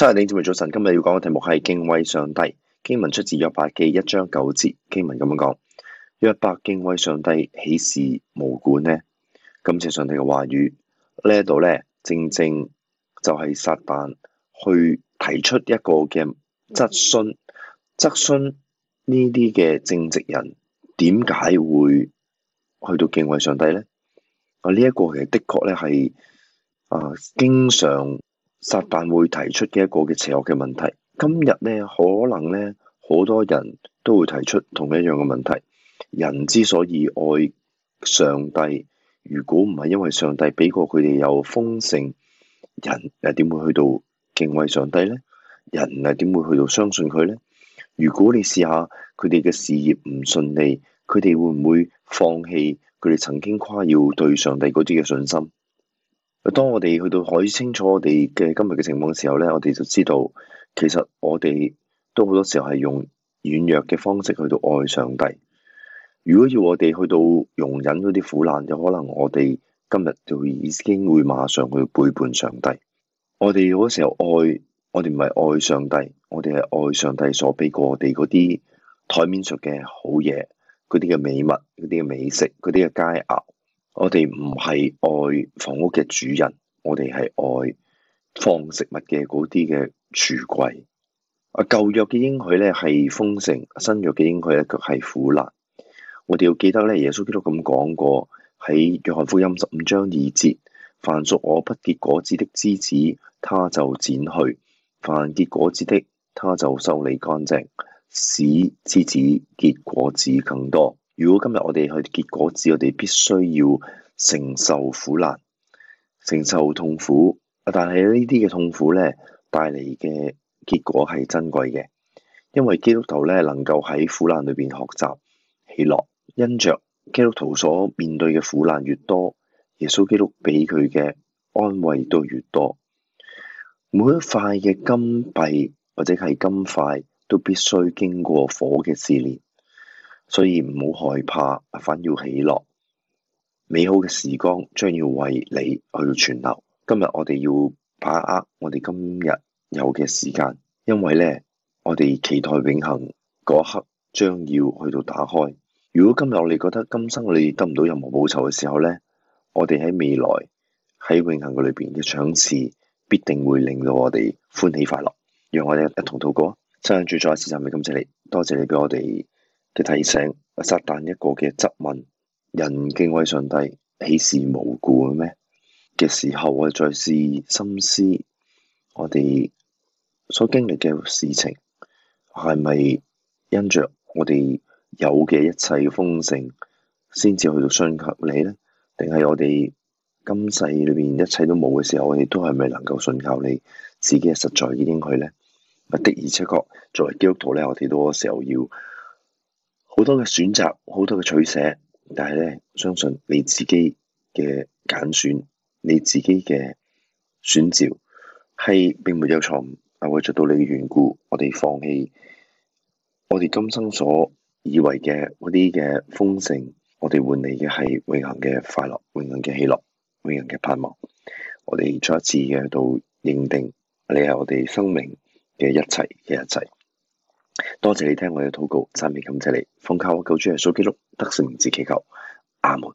歡迎你，各位早晨。今日要講嘅題目係敬畏上帝。經文出自約伯記一章九節，經文咁樣講：約伯敬畏上帝，豈是無故呢？咁借上帝嘅話語，呢一度咧，正正就係撒但去提出一個嘅質詢，質詢呢啲嘅正直人點解會去到敬畏上帝咧？啊，呢一個其實的確咧係啊，經常。撒但會提出嘅一個嘅邪惡嘅問題，今日咧，可能咧，好多人都會提出同一樣嘅問題。人之所以愛上帝，如果唔係因為上帝俾過佢哋有豐盛，人又點會去到敬畏上帝咧？人又點會去到相信佢咧？如果你試下佢哋嘅事業唔順利，佢哋會唔會放棄佢哋曾經誇耀對上帝嗰啲嘅信心？當我哋去到可以清楚我哋嘅今日嘅情況嘅時候咧，我哋就知道，其實我哋都好多時候係用軟弱嘅方式去到愛上帝。如果要我哋去到容忍嗰啲苦難，有可能我哋今日就已經會馬上去背叛上帝。我哋好多時候愛，我哋唔係愛上帝，我哋係愛上帝所俾過我哋嗰啲台面上嘅好嘢，嗰啲嘅美物，嗰啲嘅美食，嗰啲嘅佳肴。我哋唔係愛房屋嘅主人，我哋係愛放食物嘅嗰啲嘅櫥櫃。啊，舊約嘅應許咧係豐盛，新約嘅應許咧就係苦難。我哋要記得咧，耶穌基督咁講過喺約翰福音十五章二節：凡屬我不結果子的枝子，他就剪去；凡結果子的，他就修理乾淨，使枝子結果子更多。如果今日我哋去結果子，我哋必須要承受苦難，承受痛苦。但係呢啲嘅痛苦咧帶嚟嘅結果係珍貴嘅，因為基督徒咧能夠喺苦難裏邊學習喜樂。因着基督徒所面對嘅苦難越多，耶穌基督畀佢嘅安慰都越多。每一塊嘅金幣或者係金塊都必須經過火嘅試煉。所以唔好害怕，反要喜樂。美好嘅時光將要為你去到存留。今日我哋要把握我哋今日有嘅時間，因為咧，我哋期待永恒嗰一刻將要去到打開。如果今日我哋覺得今生我哋得唔到任何報酬嘅時候咧，我哋喺未來喺永恒嘅裏邊嘅賞賜必定會令到我哋歡喜快樂。讓我哋一同禱告。啊！神主再一次讚美，感謝你，多謝你俾我哋。嘅提醒，撒旦一個嘅質問，人敬畏上帝，豈是無故嘅咩？嘅時候，我再試深思，我哋所經歷嘅事情係咪因着我哋有嘅一切嘅豐盛，先至去到信靠你咧？定係我哋今世裏邊一切都冇嘅時候，我哋都係咪能夠信靠你？自己實在已經去咧。的而且確，作為基督徒咧，我哋都嘅時候要。好多嘅選擇，好多嘅取捨，但係咧，相信你自己嘅揀選，你自己嘅選召係並沒有錯誤，係為咗到你嘅緣故，我哋放棄我哋今生所以為嘅嗰啲嘅豐盛，我哋換嚟嘅係永恆嘅快樂，永恆嘅喜樂，永恆嘅盼望。我哋再一次嘅到認定，你係我哋生命嘅一切嘅一切。多謝你聽我嘅禱告，贊美感謝你，奉靠我救主耶穌基督得勝，名字祈求，阿門。